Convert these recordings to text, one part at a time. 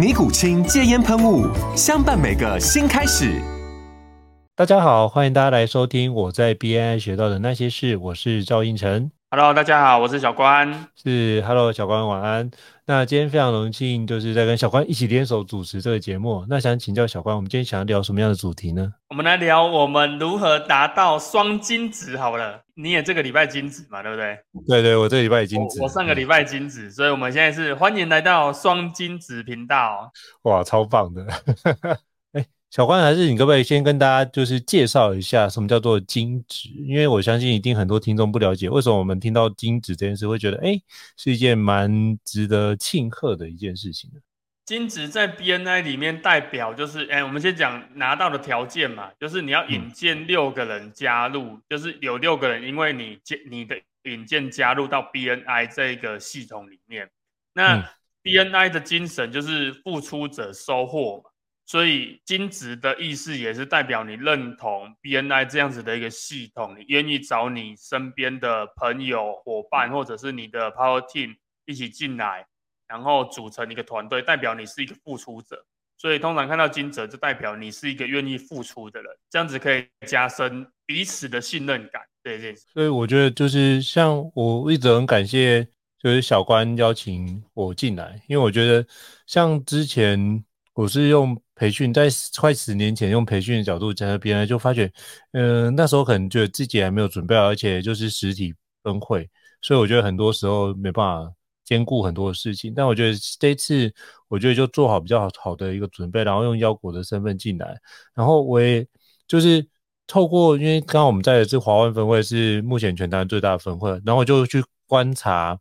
尼古清戒煙噴霧，相伴每個新開始。大家好，歡迎大家來收聽我在 BNI 學到的那些事，我是趙胤丞。Hello，大家好，我是小關。是 Hello，小關晚安。那今天非常榮幸，就是在跟小關一起聯手主持這個節目。那想請教小關，我們今天想要聊什麼樣的主題呢？我們來聊我們如何達到雙金質好了，你也這個禮拜金質嘛，對不對？對對,對，我這禮拜也金質，我上個禮拜金質、嗯，所以我們現在是歡迎來到雙金質頻道。哇，超棒的！ 小關還是你可不可以先跟大家就是介紹一下什麼叫做金質？因為我相信一定很多聽眾不了解，為什麼我們聽到金質這件事會覺得，哎，是一件蠻值得慶賀的一件事情呢？金質在 BNI 裡面代表就是，哎，我們先講拿到的條件嘛，就是你要引薦六個人加入，嗯、就是有六個人因為你你的引薦加入到 BNI 這個系統裡面，那 BNI 的精神就是付出者收穫嘛。所以金質的意思也是代表你認同 BNI 這樣子的一個系統，你願意找你身邊的朋友、夥伴，或者是你的 Power Team 一起進來，然後組成一個團隊，代表你是一個付出者。所以通常看到金質就代表你是一個願意付出的人，這樣子可以加深彼此的信任感。對對。所以我覺得就是像我一直很感謝，就是小關邀請我進來，因為我覺得像之前我是用。培訓在快十年前，用培訓的角度在那別人，就發覺，嗯、呃，那時候可能覺得自己還沒有準備，而且就是實體分會，所以我覺得很多時候沒辦法兼顧很多的事情。但我覺得這一次，我覺得就做好比較好的一個準備，然後用腰果的身份進來，然後我也就是透過，因為剛剛我們在這華文分會是目前全台最大的分會，然後我就去觀察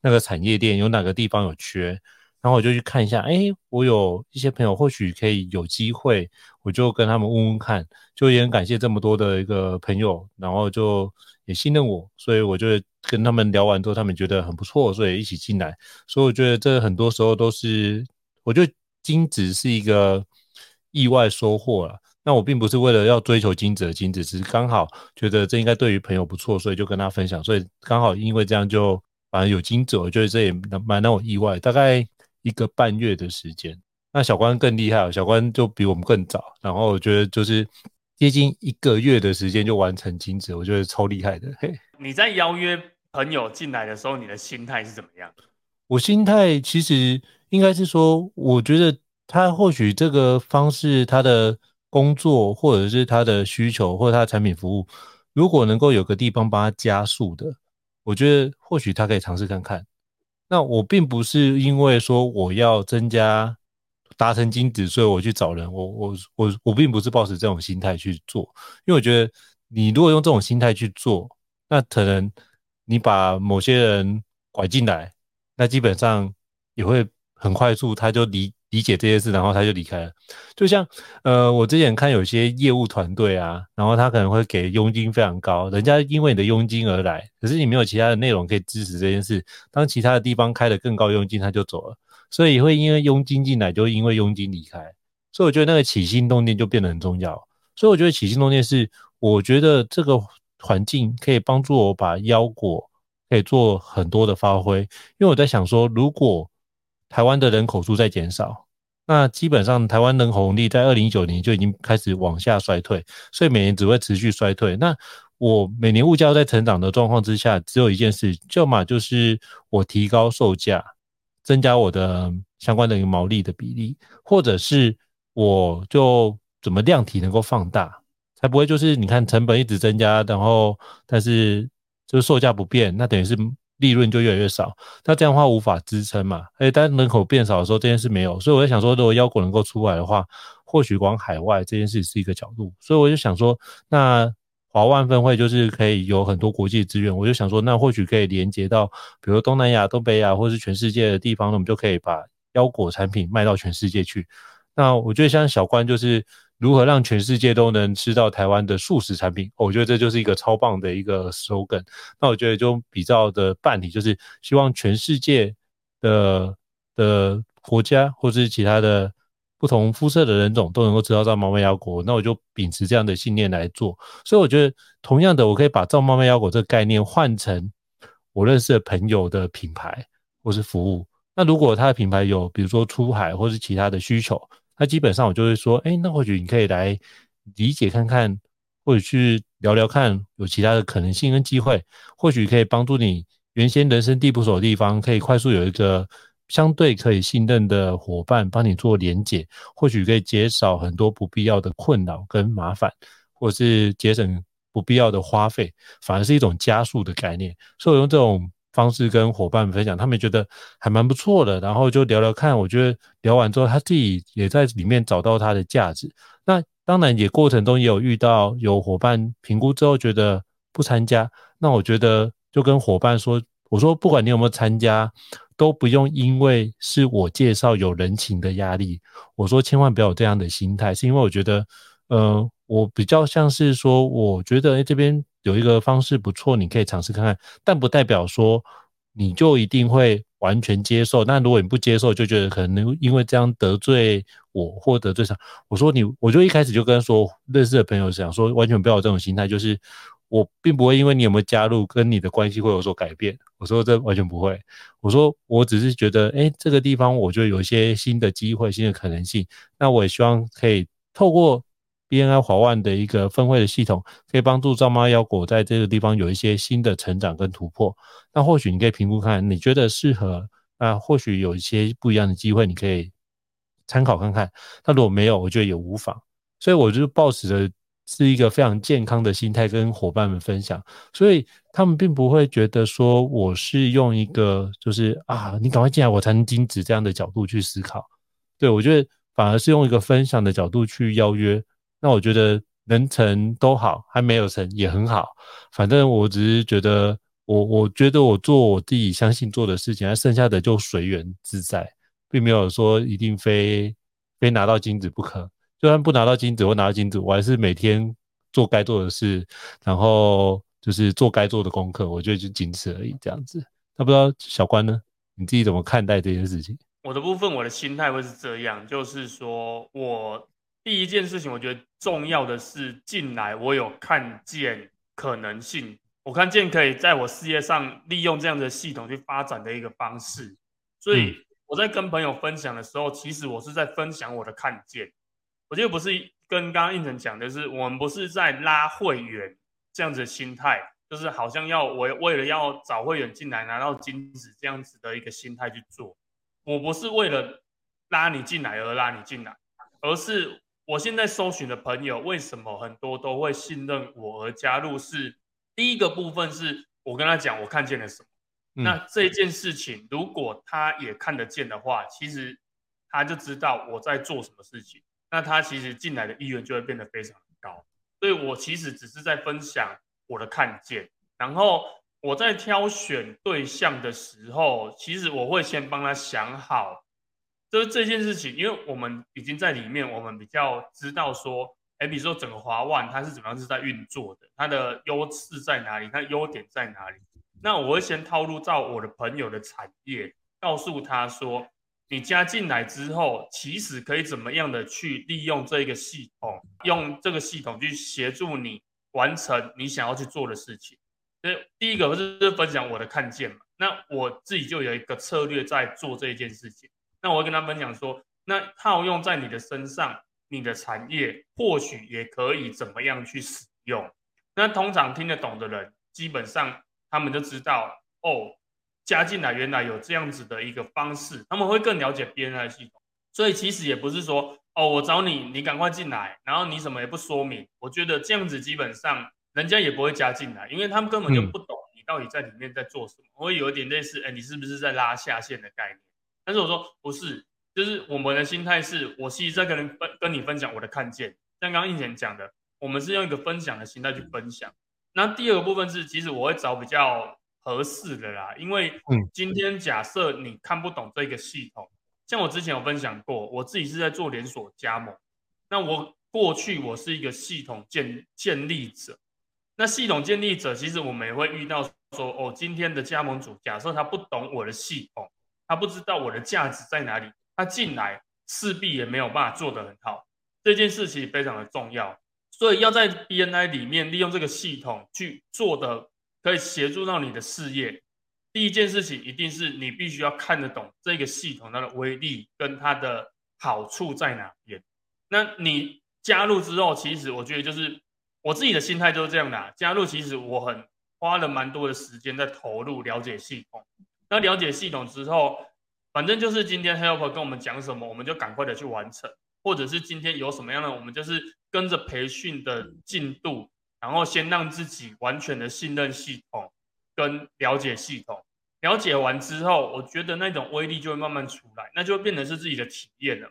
那個產業鏈有哪個地方有缺。然後我就去看一下，哎，我有一些朋友或許可以有機會，我就跟他們問問看，就也很感謝這麼多的一個朋友，然後就也信任我，所以我就跟他們聊完之後，他們覺得很不錯，所以一起進來，所以我覺得這很多時候都是，我覺得金質是一個意外收穫了。那我並不是為了要追求金質，金質，只是剛好覺得這應該對於朋友不錯，所以就跟他分享，所以剛好因為這樣就反正有金質，我覺得這也蠻讓我意外，大概。一個半月的時間，那小關更厲害哦。小關就比我們更早，然後我覺得就是接近一個月的時間就完成金質，我覺得超厲害的。嘿，你在邀約朋友進來的時候，你的心態是怎麼樣？我心態其實應該是說，我覺得他或許這個方式，他的工作或者是他的需求或者他的產品服務，如果能夠有個地方幫他加速的，我覺得或許他可以嘗試看看。那我並不是因為說我要增加達成金質，所以我去找人，我我我我並不是抱持這種心態去做，因為我覺得你如果用這種心態去做，那可能你把某些人拐進來，那基本上也會很快速他就離。理解這些事，然後他就離開了。就像，呃，我之前看有些業務團隊啊，然後他可能會給佣金非常高，人家因為你的佣金而來，可是你沒有其他的內容可以支持這件事。當其他的地方開的更高的佣金，他就走了。所以會因為佣金進來，就因為佣金離開。所以我覺得那個起心動念就變得很重要。所以我覺得起心動念是，我覺得這個環境可以幫助我把腰果可以做很多的發揮。因為我在想說，如果台灣的人口數在減少，那基本上台灣人口紅利，在二零一九年就已經開始往下衰退，所以每年只會持續衰退。那我每年物價都在成長的狀況之下，只有一件事，就嘛，就是我提高售價，增加我的相關的一個毛利的比例，或者是我就怎麼量體能夠放大，才不會就是你看成本一直增加，然後但是就是售價不變，那等於是。利潤就越來越少，那這樣的話無法支撐嘛？誒、欸，當人口變少的時候，這件事沒有，所以我在想說，如果腰果能夠出來的話，或許往海外這件事是一個角度。所以我就想說，那華萬分會就是可以有很多國際資源，我就想說，那或許可以連接到，比如東南亞、東北亞或是全世界的地方，我們就可以把腰果產品賣到全世界去。那我覺得像小關就是。如何讓全世界都能吃到台灣的素食產品？我覺得這就是一個超棒的一個 slogan。那我覺得就比照的辦理，就是希望全世界的的國家或是其他的不同膚色的人種都能夠吃到趙媽媽腰果。那我就秉持這樣的信念來做。所以我覺得，同樣的，我可以把趙媽媽腰果這個概念換成我認識的朋友的品牌或是服務。那如果他的品牌有，比如說出海或是其他的需求，那基本上我就會說，誒那或許你可以來理解看看，或者去聊聊看，有其他的可能性跟機會，或許可以幫助你原先人生地不熟的地方，可以快速有一個相對可以信任的夥伴幫你做連結，或許可以減少很多不必要的困擾跟麻煩，或是節省不必要的花費，反而是一種加速的概念，所以我用這種。方式跟夥伴分享，他們覺得還蠻不錯的，然後就聊聊看。我覺得聊完之後，他自己也在裡面找到他的價值。那當然也過程中也有遇到有夥伴評估之後覺得不參加，那我覺得就跟夥伴說，我說不管你有沒有參加，都不用因為是我介紹有人情的壓力。我說千萬不要有這樣的心態，是因為我覺得，嗯，呃，我比較像是說，我覺得，誒，這邊。有一個方式不錯，你可以嘗試看看，但不代表說你就一定會完全接受。那如果你不接受，就覺得可能因為這樣得罪我或得罪誰，我說你，我就一開始就跟他說認識的朋友講說，完全不要有這種心態，就是我並不會因為你有沒有加入，跟你的關係會有所改變。我說這完全不會。我說我只是覺得，哎，這個地方我就有一些新的機會、新的可能性。那我也希望可以透過。BNI 華萬的一個分會的系統，可以幫助趙媽腰果在這個地方有一些新的成長跟突破。那或許你可以評估看，你覺得適合啊？或許有一些不一樣的機會，你可以參考看看。那如果沒有，我覺得也無妨。所以我就抱持着是一個非常健康的心態跟伙伴們分享，所以他們並不會覺得說我是用一個就是啊，你趕快進來我才能金質這樣的角度去思考。對，我覺得反而是用一個分享的角度去邀約。那我覺得能成都好，還沒有成也很好。反正我只是覺得我，我我覺得我做我自己相信做的事情，那剩下的就隨緣自在，並沒有說一定非非拿到金質不可。就算不拿到金質，或拿到金質，我還是每天做該做的事，然後就是做該做的功課。我覺得就僅此而已這樣子。那不知道小關呢？你自己怎麼看待這件事情？我的部分，我的心態會是這樣，就是說我。第一件事情，我覺得重要的是進來，我有看見可能性，我看見可以在我事業上利用這樣的系統去發展的一個方式。所以我在跟朋友分享的時候，其實我是在分享我的看見。我就不是跟剛剛胤丞講，就是我們不是在拉會員這樣子的心態，就是好像要我為，為了要找會員進來拿到金質這樣子的一個心態去做。我不是為了拉你進來而拉你進來，而是。我現在搜尋的朋友為什麼很多都會信任我而加入？是第一個部分，是我跟他講我看見了什麼。嗯。那這件事情如果他也看得見的話，其實他就知道我在做什麼事情。那他其實進來的意願就會變得非常高。所以我其實只是在分享我的看見，然後我在挑選對象的時候，其實我會先幫他想好。就是這件事情，因為我們已經在裡面，我們比較知道說，哎，比如說整個華萬它是怎麼樣是在運作的，它的優勢在哪裡，它的優點在哪裡。那我會先套路到我的朋友的產業，告訴他說，你加進來之後，其實可以怎麼樣的去利用這個系統，用這個系統去協助你完成你想要去做的事情。所以第一個不是分享我的看見嘛，那我自己就有一個策略在做這件事情。那我會跟他分享說，那套用在你的身上，你的產業或許也可以怎麼樣去使用。那通常聽得懂的人，基本上他們就知道哦，加進來原來有這樣子的一個方式，他們會更了解 BNI 系統。所以其實也不是說哦，我找你，你趕快進來，然後你什麼也不說明，我覺得這樣子基本上人家也不會加進來，因為他們根本就不懂你到底在裡面在做什麼，嗯、我會有一點類似哎、欸，你是不是在拉下線的概念。但是我說不是，就是我們的心態是，我其實在跟人分跟你分享我的看見。像剛剛胤丞講的，我們是用一個分享的心態去分享。那第二個部分是，其實我會找比較合適的啦，因為今天假設你看不懂這個系統，嗯、像我之前有分享過，我自己是在做連鎖加盟。那我過去我是一個系統建建立者，那系統建立者其實我們也會遇到說，哦，今天的加盟主假設他不懂我的系統。他不知道我的價值在哪裡，他進來勢必也沒有辦法做得很好。這件事情非常的重要，所以要在 BNI 裡面利用這個系統去做的，可以協助到你的事業。第一件事情一定是你必須要看得懂這個系統它的威力跟它的好處在哪邊。那你加入之後，其實我覺得就是我自己的心態就是這樣的啊。加入其實我很花了蠻多的時間在投入了解系統。那了解系統之後，反正就是今天 Help 跟我們講什麼，我們就趕快的去完成，或者是今天有什麼樣的，我們就是跟着培訓的進度，然後先讓自己完全的信任系統跟了解系統。了解完之後，我覺得那種威力就會慢慢出來，那就變成是自己的體驗了。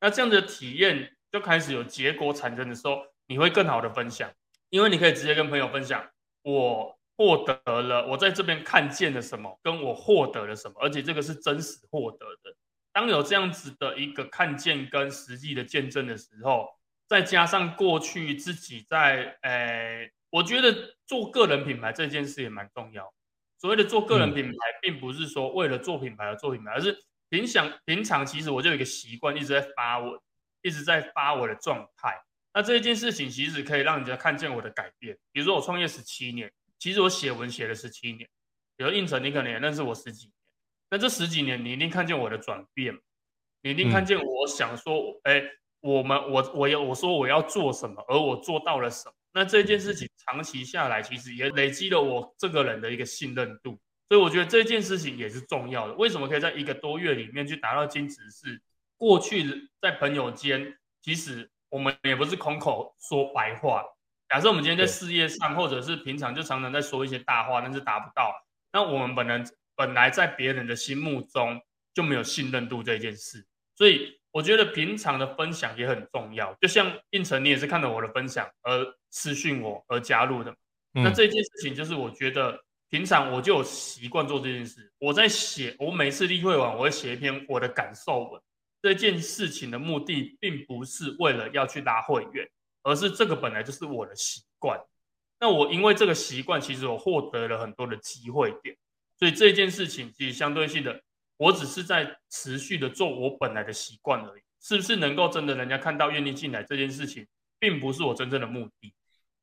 那這樣的體驗就開始有結果產生的時候，你會更好的分享，因為你可以直接跟朋友分享。我。獲得了我在這邊看見了什麼，跟我獲得了什麼，而且這個是真實獲得的。當有這樣子的一個看見跟實際的見證的時候，再加上過去自己在誒、欸，我覺得做個人品牌這件事也蠻重要。所謂的做個人品牌，並不是說為了做品牌而做品牌，嗯、而是平常平常其實我就有一個習慣，一直在發我，一直在發我的狀態。那這一件事情其實可以讓人家看見我的改變。比如說我創業十七年。其實我寫文寫了十七年，比如胤丞，你可能也認識我十幾年，那這十幾年你一定看見我的轉變，你一定看見我想說，哎、嗯，我們我我要我說我要做什麼，而我做到了什麼，那這件事情長期下來，其實也累積了我這個人的一個信任度，所以我覺得這件事情也是重要的。為什麼可以在一個多月裡面去達到金質？是過去在朋友間，其實我們也不是空口說白話。假設我們今天在事業上，或者是平常就常常在說一些大話，但是達不到，那我們本人本來在別人的心目中就沒有信任度這件事。所以我覺得平常的分享也很重要。就像胤丞，你也是看了我的分享而私訊我而加入的。那這件事情就是我覺得平常我就有習慣做這件事。我在寫，我每次例會完，我會寫一篇我的感受文。這件事情的目的並不是為了要去拉會員。而是這個本來就是我的習慣，那我因為這個習慣，其實我獲得了很多的機會點，所以這件事情其實相對性的，我只是在持續的做我本來的習慣而已，是不是能夠真的人家看到願意進來這件事情，並不是我真正的目的。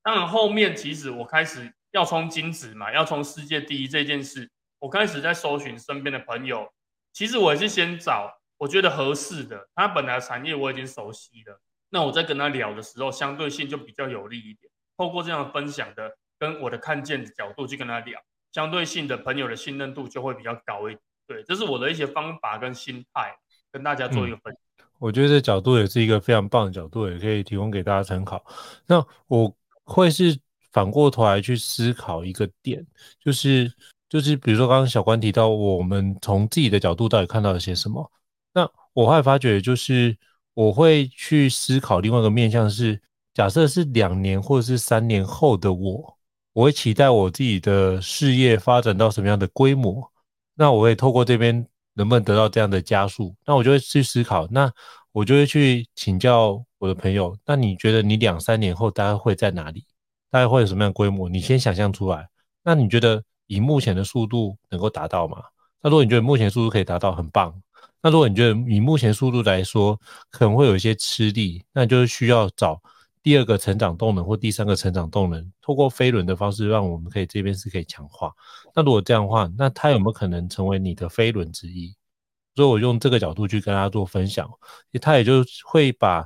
當然後面其實我開始要衝金質嘛，要衝世界第一這件事，我開始在搜尋身邊的朋友，其實我也是先找我覺得合適的，他本來的產業我已經熟悉的。那我在跟他聊的時候，相對性就比較有利一點。透過這樣分享的，跟我的看見的角度去跟他聊，相對性的朋友的信任度就會比較高一點。對，這是我的一些方法跟心態，跟大家做一個分享，嗯。我覺得這角度也是一個非常棒的角度，也可以提供給大家參考。那我會是反過頭來去思考一個點，就是就是比如說剛剛小關提到，我們從自己的角度到底看到了些什麼？那我會發覺就是。我會去思考另外一個面向是，假設是兩年或者是三年後的我，我會期待我自己的事業發展到什麼樣的規模，那我會透過這邊能不能得到這樣的加速，那我就會去思考，那我就會去請教我的朋友。那你覺得你兩三年後大概會在哪裡？大概會有什麼樣的規模？你先想象出來。那你覺得以目前的速度能夠達到嗎？那如果你覺得目前的速度可以達到，很棒。那如果你覺得以目前速度來說，可能會有一些吃力，那就是需要找第二個成長動能或第三個成長動能，透過飛輪的方式，讓我們可以這邊是可以強化。那如果這樣的話，那他有沒有可能成為你的飛輪之一？嗯。所以我用這個角度去跟大家做分享，也他也就會把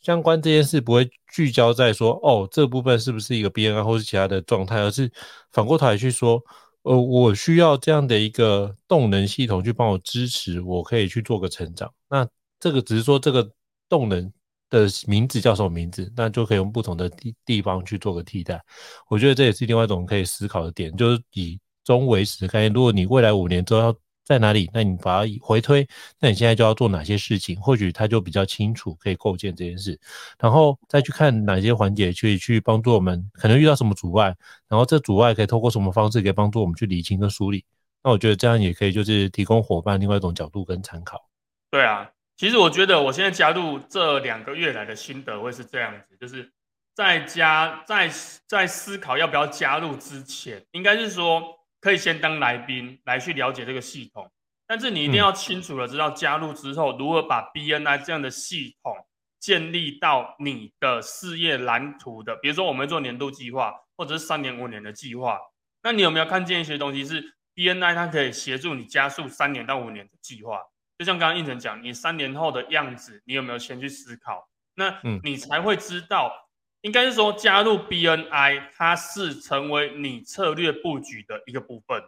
相關這件事不會聚焦在說哦這個，部分是不是一個 BNI 啊，或是其他的狀態，而是反過頭來去說。呃，我需要這樣的一個動能系統去幫我支持，我可以去做個成長。那這個只是說這個動能的名字叫什麼名字，那就可以用不同的地地方去做個替代。我覺得這也是另外一種可以思考的點，就是以終為始的概念。如果你未來五年都要。在哪裡？那你把它回推，那你現在就要做哪些事情？或許他就比較清楚，可以構建這件事，然後再去看哪些環節去去幫助我們，可能遇到什麼阻礙，然後這阻礙可以透過什麼方式，可以幫助我們去理清跟梳理。那我覺得這樣也可以，就是提供夥伴另外一種角度跟參考。對啊，其實我覺得我現在加入這兩個月來的心得會是這樣子，就是在加在在思考要不要加入之前，應該是說。可以先當來賓來去了解這個系統，但是你一定要清楚地知道加入之後如何把 BNI 這樣的系統建立到你的事業藍圖的。比如說，我們做年度計劃或者是三年五年的計劃，那你有沒有看見一些東西是 BNI 它可以協助你加速三年到五年的計劃？就像剛剛胤丞講，你三年後的樣子，你有沒有先去思考？那你才會知道。應該是說，加入 BNI，它是成為你策略布局的一個部分。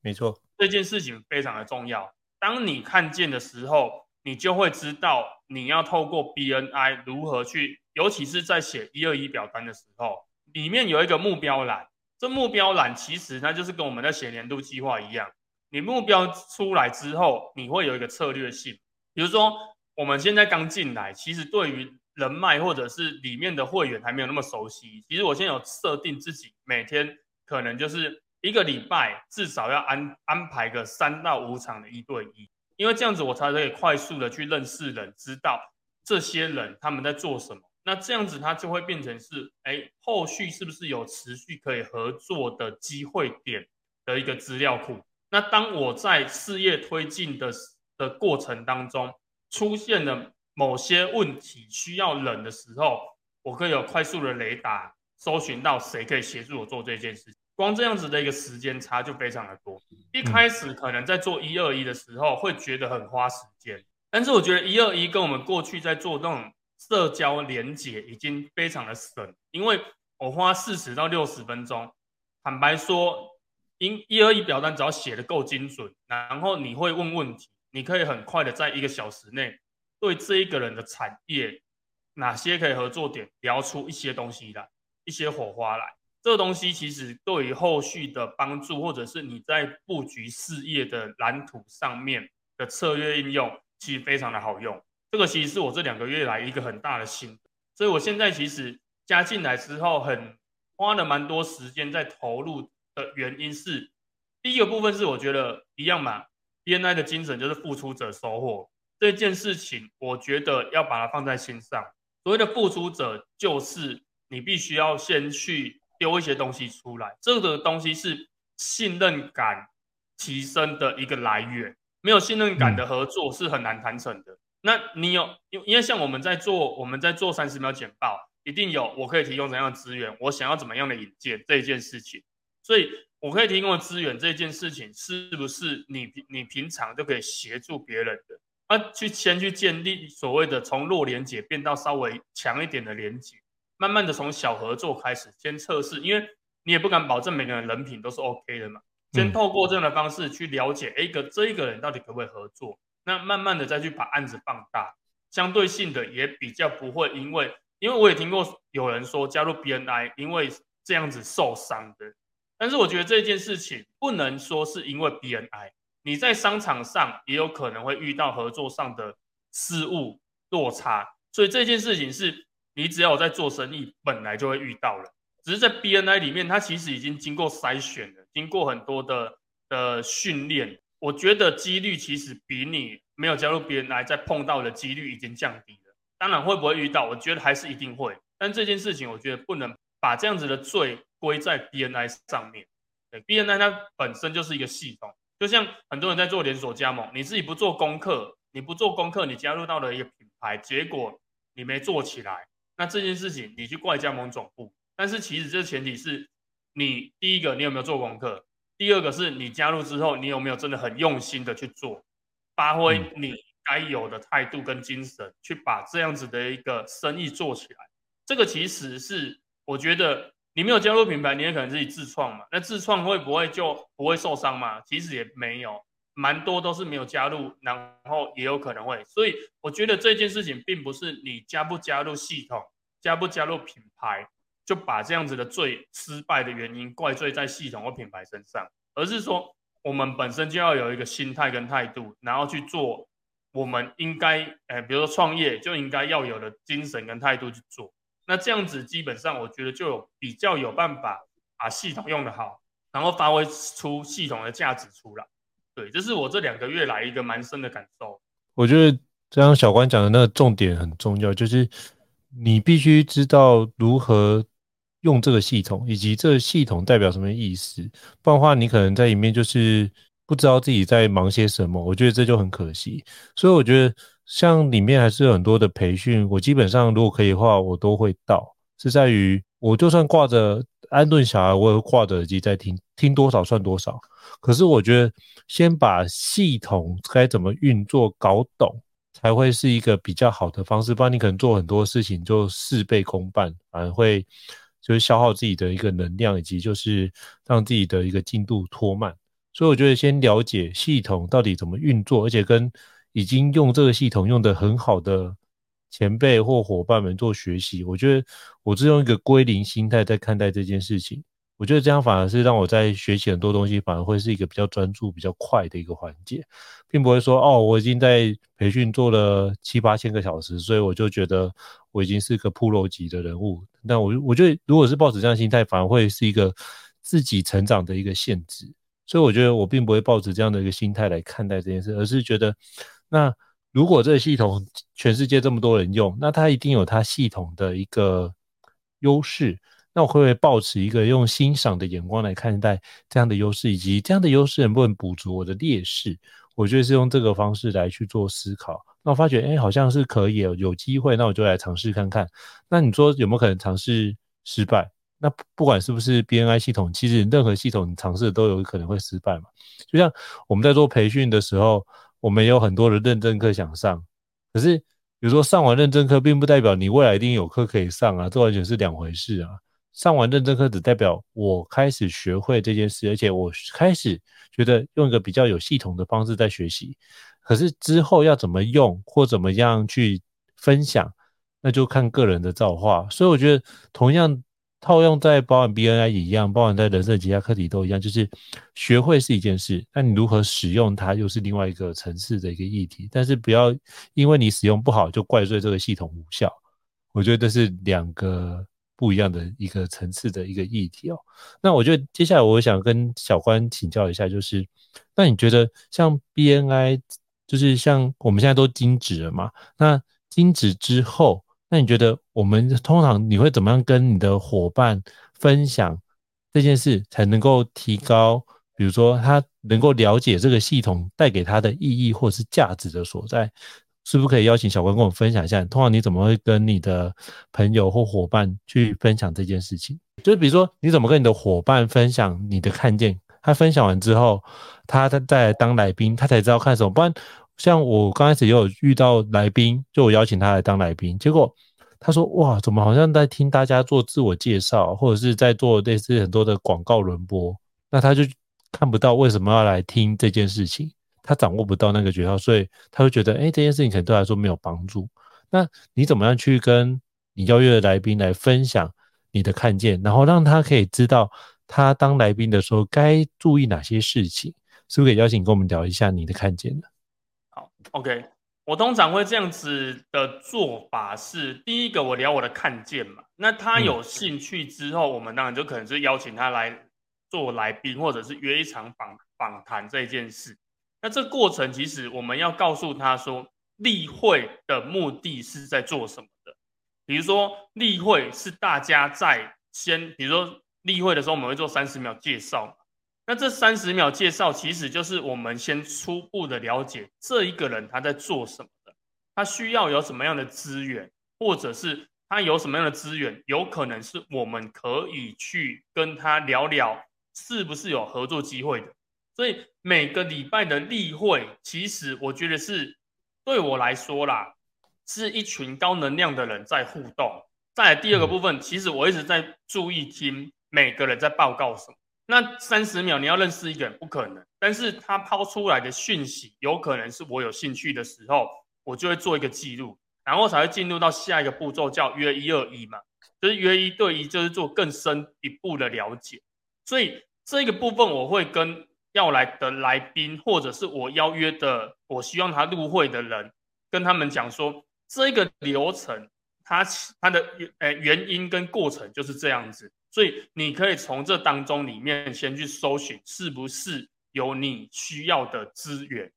沒錯，這件事情非常的重要。當你看見的時候，你就會知道你要透過 BNI 如何去，尤其是在寫一二一表單的時候，裡面有一個目標欄。這目標欄其實它就是跟我們在寫年度計劃一樣，你目標出來之後，你會有一個策略性。比如說我們現在剛進來，其實對於人脈或者是裡面的會員還沒有那麼熟悉，其實我現在有設定自己每天可能就是一個禮拜至少要安安排個三到五場的一對一，因為這樣子我才可以快速的去認識人，知道這些人他們在做什麼，那這樣子他就會變成是哎，後續是不是有持續可以合作的機會點的一個資料庫。那當我在事業推進的的過程當中出現了。某些問題需要冷的時候，我可以有快速的雷達搜尋到誰可以協助我做這件事情。光這樣子的一個時間差就非常的多。嗯、一開始可能在做一二一的時候會覺得很花時間，但是我覺得一二一跟我們過去在做那種社交連結已經非常的省，因為我花四十到六十分鐘，坦白說，因一二一表單只要寫得夠精準，然後你會問問題，你可以很快的在一個小時內。對這一個人的產業，哪些可以合作點，聊出一些東西來，一些火花來，這個東西其實對於後續的幫助，或者是你在布局事業的藍圖上面的策略應用，其實非常的好用。這個其實是我這兩個月來一個很大的心得，所以我現在其實加進來之後很，很花了蠻多時間在投入的原因是，第一個部分是我覺得一樣嘛，BNI 的精神就是付出者收穫。這件事情，我覺得要把它放在心上。所謂的付出者，就是你必須要先去丟一些東西出來。這個東西是信任感提升的一個來源。沒有信任感的合作是很難談成的。那你有，因為像我們在做，我們在做三十秒簡報，一定有我可以提供怎樣的資源，我想要怎麼樣的引薦這件事情。所以，我可以提供的資源這件事情，是不是你平你平常都可以協助別人的？那去先去建立所謂的從弱連結變到稍微強一點的連結，慢慢的從小合作開始先測試，因為你也不敢保證每個人人品都是 OK 的嘛。先透過這樣的方式去了解，哎，個這一個人到底可不可以合作？那慢慢的再去把案子放大，相對性的也比較不會因為，因為我也聽過有人說加入 BNI 因為這樣子受傷的，但是我覺得這件事情不能說是因為 BNI。你在商場上也有可能會遇到合作上的失誤落差，所以這件事情是你只要我在做生意，本來就會遇到了。只是在 BNI 裡面，它其實已經經過篩選了，經過很多的的訓練，我覺得幾率其實比你沒有加入 BNI 再碰到的幾率已經降低了。當然會不會遇到，我覺得還是一定會。但這件事情，我覺得不能把這樣子的罪歸在 BNI 上面。對 BNI，它本身就是一個系統。就像很多人在做連鎖加盟，你自己不做功課，你不做功課，你加入到了一個品牌，結果你沒做起來，那這件事情你去怪加盟總部。但是其實這前提是你第一個你有沒有做功課，第二個是你加入之後你有沒有真的很用心的去做，發揮你該有的態度跟精神，去把這樣子的一個生意做起來。這個其實是我覺得。你沒有加入品牌，你也可能自己自創嘛。那自創會不會就不會受傷嘛？其實也沒有，蠻多都是沒有加入，然後也有可能會。所以我覺得這件事情並不是你加不加入系統，加不加入品牌，就把這樣子的最失敗的原因怪罪在系統或品牌身上，而是說我們本身就要有一個心態跟態度，然後去做我們應該，哎、呃，比如說創業就應該要有的精神跟態度去做。那這樣子基本上，我覺得就有比較有辦法把系統用得好，然後發揮出系統的價值出來。對，這是我這兩個月來一個蠻深的感受。我覺得剛剛小關講的那個重點很重要，就是你必須知道如何用這個系統，以及這個系統代表什麼意思。不然的話，你可能在裡面就是不知道自己在忙些什麼。我覺得這就很可惜。所以我覺得。像裡面還是有很多的培訓，我基本上如果可以的話，我都會到。是在於我就算掛着安頓小孩，我也掛着耳機在聽，聽多少算多少。可是我覺得先把系統該怎麼運作搞懂，才會是一個比較好的方式。不然你可能做很多事情就事倍功半，反而會就是消耗自己的一個能量，以及就是讓自己的一個進度拖慢。所以我覺得先了解系統到底怎麼運作，而且跟。已經用這個系統用得很好的前輩或夥伴們做學習，我覺得我是用一個歸零心態在看待這件事情。我覺得這樣反而是讓我在學習很多東西，反而會是一個比較專注、比較快的一個環節，並不會說哦，我已經在培訓做了七八千個小時，所以我就覺得我已經是個 pro 級的人物。但我我覺得，如果是抱着這樣的心態，反而會是一個自己成長的一個限制。所以我覺得我並不會抱着這樣的一個心態來看待這件事，而是覺得。那如果這個系統全世界這麼多人用，那它一定有它系統的一個優勢。那我會不會抱持一個用欣賞的眼光來看待這樣的優勢，以及這樣的優勢能不能補足我的劣勢？我覺得是用這個方式來去做思考。那我發覺，誒，好像是可以有機會，那我就來嘗試看看。那你說有沒有可能嘗試失敗？那不管是不是 BNI 系統，其實任何系統你嘗試都有可能會失敗嘛。就像我們在做培訓的時候。我們有很多的認證課想上，可是比如說上完認證課，並不代表你未來一定有課可以上啊，這完全是兩回事啊。上完認證課只代表我開始學會這件事，而且我開始覺得用一個比較有系統的方式在學習。可是之後要怎麼用或怎麼樣去分享，那就看個人的造化。所以我覺得同樣。套用在包含 BNI 也一樣，包含在人生其他課題都一樣，就是學會是一件事，那你如何使用它又是另外一個層次的一個議題。但是不要因為你使用不好就怪罪這個系統無效，我覺得這是兩個不一樣的一個層次的一個議題哦。那我覺得接下來我想跟小關請教一下，就是那你覺得像 BNI，就是像我們現在都金質了嘛？那金質之後？那你覺得，我們通常你會怎麼樣跟你的夥伴分享這件事，才能夠提高，比如說他能夠了解這個系統帶給他的意義或是價值的所在？是不是可以邀請小關跟我分享一下，通常你怎麼會跟你的朋友或夥伴去分享這件事情？就是比如說你怎麼跟你的夥伴分享你的看見，他分享完之後，他再來當來賓，他才知道看什麼，不然。像我剛開始也有遇到來賓，就我邀請他來當來賓，結果他說：“哇，怎麼好像在聽大家做自我介紹，或者是在做類似很多的廣告輪播？那他就看不到為什麼要來聽這件事情，他掌握不到那個訣竅，所以他會覺得，哎、欸，這件事情可能對他來說沒有幫助。那你怎麼樣去跟你邀約的來賓來分享你的看見，然後讓他可以知道他當來賓的時候該注意哪些事情？是不是可以邀請跟我們聊一下你的看見呢？” OK，我通常會這樣子的做法是：第一個，我聊我的看見嘛。那他有興趣之後，嗯、我們當然就可能是邀請他來做來賓，或者是約一場訪訪談這一件事。那這過程其實我們要告訴他說，例會的目的是在做什麼的。比如說，例會是大家在先，比如說例會的時候，我們會做三十秒介紹嘛。那這三十秒介紹，其實就是我們先初步的了解這一個人他在做什麼的，他需要有什麼樣的資源，或者是他有什麼樣的資源，有可能是我們可以去跟他聊聊，是不是有合作機會的。所以每個禮拜的例會，其實我覺得是對我來說啦，是一群高能量的人在互動。再來第二個部分，其實我一直在注意聽每個人在報告什麼。那三十秒你要認識一個人不可能，但是他拋出來的訊息有可能是我有興趣的時候，我就會做一個記錄，然後才會進入到下一個步驟，叫約一二一嘛，就是約一對一，就是做更深一步的了解。所以這個部分我會跟要來的來賓，或者是我邀約的，我希望他入會的人，跟他們講說，這個流程它它的呃原因跟過程就是這樣子。所以你可以從這當中裡面先去搜尋，是不是有你需要的資源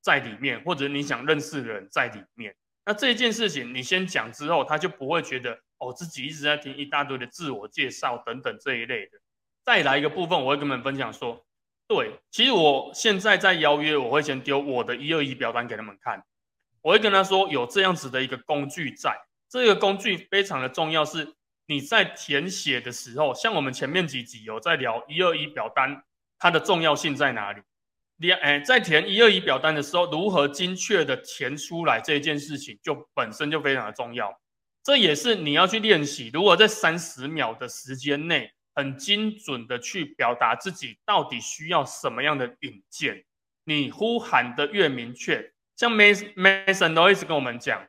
在裡面，或者你想認識的人在裡面。那這件事情，你先講之後，他就不會覺得哦，自己一直在聽一大堆的自我介紹等等這一類的。再來一個部分，我會跟你們分享說，對，其實我現在在邀約，我會先丟我的一二一表單給他們看，我會跟他說有這樣子的一個工具在，這個工具非常的重要是，你在填寫的時候，像我們前面幾集有在聊一二一表單，它的重要性在哪裡？你、哎、在填一二一表單的時候，如何精確的填出來這一件事情，就本身就非常的重要。這也是你要去練習。如果在三十秒的時間內，很精準的去表達自己到底需要什麼樣的引薦，你呼喊的越明確，像 Mason 都一直跟我們講，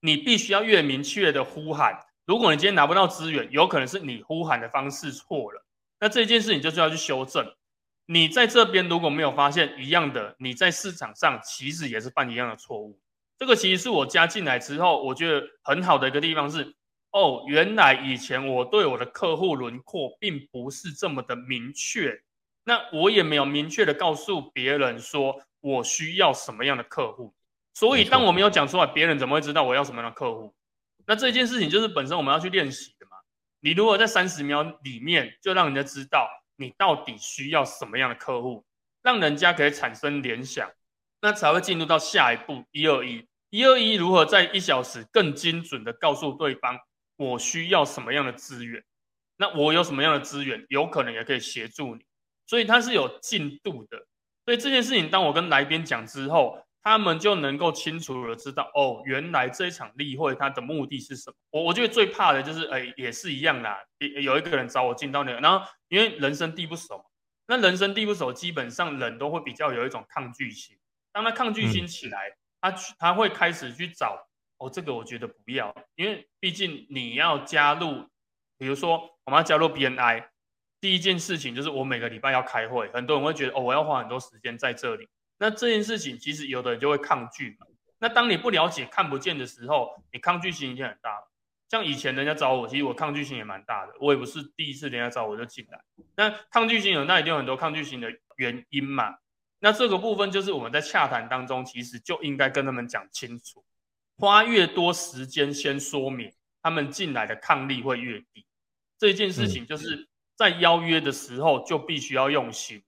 你必須要越明確的呼喊。如果你今天拿不到資源，有可能是你呼喊的方式錯了。那這件事你就是要去修正。你在這邊如果沒有發現一樣的，你在市場上其實也是犯一樣的錯誤。這個其實是我加進來之後，我覺得很好的一個地方是，哦，原來以前我對我的客戶輪廓並不是這麼的明確，那我也沒有明確的告訴別人說我需要什麼樣的客戶。所以當我沒有講出來，別人怎麼會知道我要什麼樣的客戶？那這件事情就是本身我們要去練習的嘛。你如何在三十秒裡面就讓人家知道你到底需要什麼樣的客戶，讓人家可以產生聯想，那才會進入到下一步一二一。一二一如何在一小時更精準的告訴對方我需要什麼樣的資源？那我有什麼樣的資源，有可能也可以協助你。所以它是有進度的。所以這件事情當我跟來賓講之後。他們就能夠清楚的知道，哦，原來這一場例會它的目的是什麼。我我覺得最怕的就是，哎，也是一樣啦，有一個人找我進到那個，然後因為人生地不熟，那人生地不熟，基本上人都會比較有一種抗拒心。當他抗拒心起來，嗯、他去他會開始去找，哦，這個我覺得不要，因為畢竟你要加入，比如說我們要加入 BNI，第一件事情就是我每個禮拜要開會，很多人會覺得，哦，我要花很多時間在這裡。那這件事情其實有的人就會抗拒嘛。那當你不了解、看不見的時候，你抗拒性已經很大了。像以前人家找我，其實我抗拒性也蠻大的，我也不是第一次人家找我就進來。那抗拒性有，那一定有很多抗拒性的原因嘛。那這個部分就是我們在洽談當中，其實就應該跟他們講清楚，花越多時間先說明，他們進來的抗力會越低。這件事情就是在邀約的時候就必須要用心。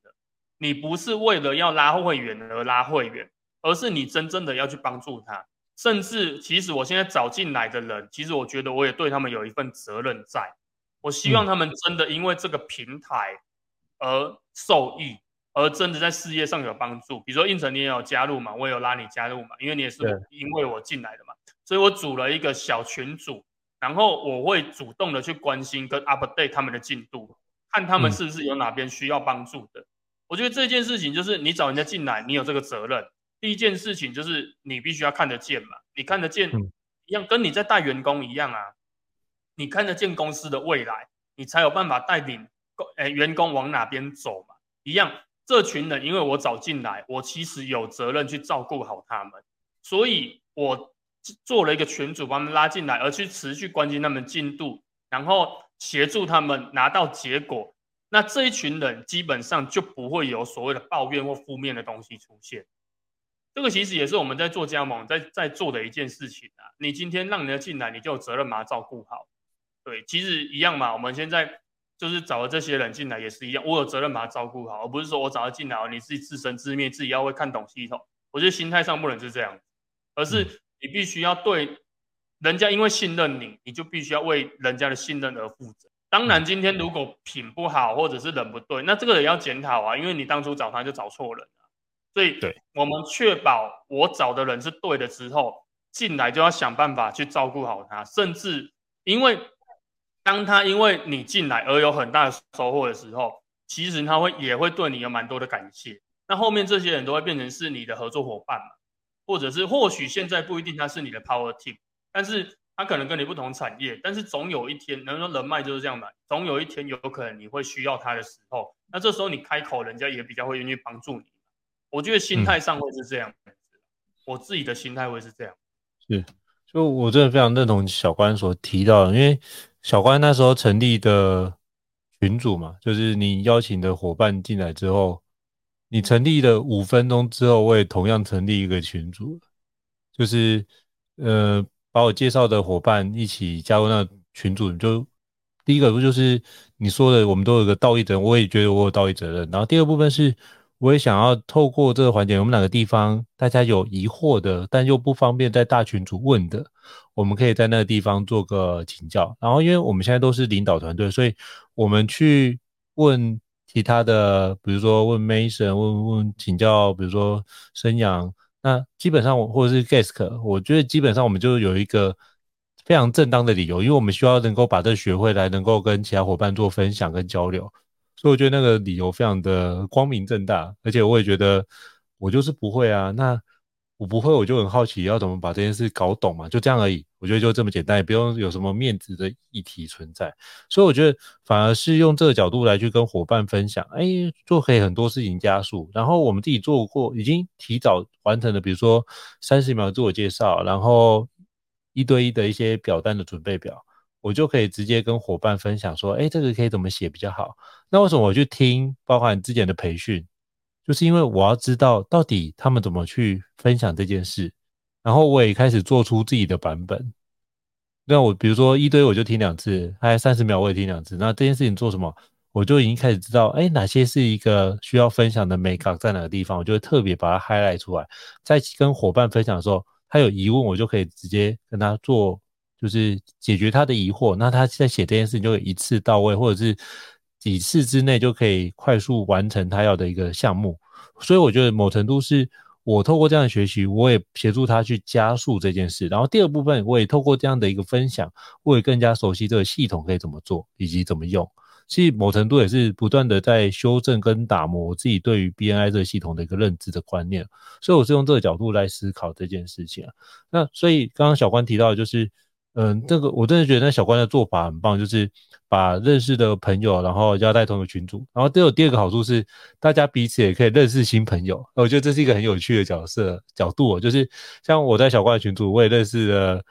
你不是為了要拉會員而拉會員，而是你真正的要去幫助他。甚至其實我現在找進來的人，其實我覺得我也對他們有一份責任在。我希望他們真的因為這個平台而受益，嗯、而真的在事業上有幫助。比如說胤丞，你也有加入嘛，我也有拉你加入嘛，因為你也是因為我進來的嘛，所以我組了一個小群組，然後我會主動的去關心跟 update 他們的進度，看他們是不是有哪邊需要幫助的。嗯我覺得這件事情就是你找人家進來，你有這個責任。第一件事情就是你必須要看得見嘛，你看得見一樣，跟你在帶員工一樣啊，你看得見公司的未來，你才有辦法帶領工誒員工往哪邊走嘛。一樣，這群人因為我找進來，我其實有責任去照顧好他們，所以我做了一個群組，把他們拉進來，而去持續關心他們進度，然後協助他們拿到結果。那這一群人基本上就不會有所謂的抱怨或負面的東西出現。這個其實也是我們在做加盟，在在做的一件事情啊。你今天讓人家進來，你就有責任把他照顧好。對，其實一樣嘛。我們現在就是找了這些人進來也是一樣，我有責任把他照顧好，而不是說我找他進來，你自己自生自滅，自己要會看懂系統。我覺得心態上不能是這樣，而是你必須要對人家，因為信任你，你就必須要為人家的信任而負責。當然，今天如果品不好，或者是人不對，那這個人要檢討啊，因為你當初找他就找錯人了。所以，我們確保我找的人是對的之後，進來就要想辦法去照顧好他。甚至，因為當他因為你進來而有很大的收穫的時候，其實他會也會對你有蠻多的感謝。那後面這些人都會變成是你的合作夥伴嘛，或者是或許現在不一定他是你的 power team，但是。他可能跟你不同產業，但是總有一天，人說人脈就是這樣嘛，總有一天有可能你會需要他的時候，那這時候你開口，人家也比較會願意幫助你。我覺得心態上會是這樣，嗯、我自己的心態會是這樣。是，就我真的非常認同小關所提到的，因為小關那時候成立的群組嘛，就是你邀請的夥伴進來之後，你成立的五分鐘之後，我也同樣成立一個群組，就是呃。把我介紹的夥伴一起加入那群組，就第一個不就是你說的，我們都有個道義責任，我也覺得我有道義責任。然後第二部分是，我也想要透過這個環節，我們哪個地方大家有疑惑的，但又不方便在大群組問的，我們可以在那個地方做個請教。然後因為我們現在都是領導團隊，所以我們去問其他的，比如說問 Mason，問問請教，比如說生養。那基本上我，或者是 gas 課，我覺得基本上我們就有一個非常正當的理由，因為我們需要能夠把這學會來，能夠跟其他伙伴做分享跟交流，所以我覺得那個理由非常的光明正大，而且我也覺得我就是不會啊，那。我不會，我就很好奇，要怎麼把這件事搞懂嘛？就這樣而已，我覺得就這麼簡單，也不用有什麼面子的議題存在。所以我覺得反而是用這個角度來去跟夥伴分享，哎，就可以很多事情加速。然後我們自己做過已經提早完成的，比如說三十秒自我介紹，然後一對一的一些表單的準備表，我就可以直接跟夥伴分享說，哎，這個可以怎麼寫比較好？那為什麼我去聽，包括之前的培訓？就是因為我要知道到底他們怎麼去分享這件事，然後我也開始做出自己的版本。那我比如說一堆我就聽兩次，還有三十秒我也聽兩次。那這件事情做什麼，我就已經開始知道，誒，哪些是一個需要分享的美感在哪個地方，我就會特別把它 highlight 出來，在跟夥伴分享的時候，他有疑問，我就可以直接跟他做，就是解決他的疑惑。那他在寫這件事情就一次到位，或者是。幾次之內就可以快速完成他要的一個項目，所以我覺得某程度是我透過這樣的學習，我也協助他去加速這件事。然後第二部分，我也透過這樣的一個分享，我也更加熟悉這個系統可以怎麼做以及怎麼用。其實某程度也是不斷的在修正跟打磨我自己對於 B N I 這個系統的一個認知的觀念。所以我是用這個角度來思考這件事情啊。那所以剛剛小關提到的就是。嗯、呃，這個我真的覺得那小關的做法很棒，就是把認識的朋友，然後要帶同的群組，然後都有第二個好處是，大家彼此也可以認識新朋友。哎，我覺得這是一個很有趣的角色角度哦，就是像我在小關的群組，我也認識了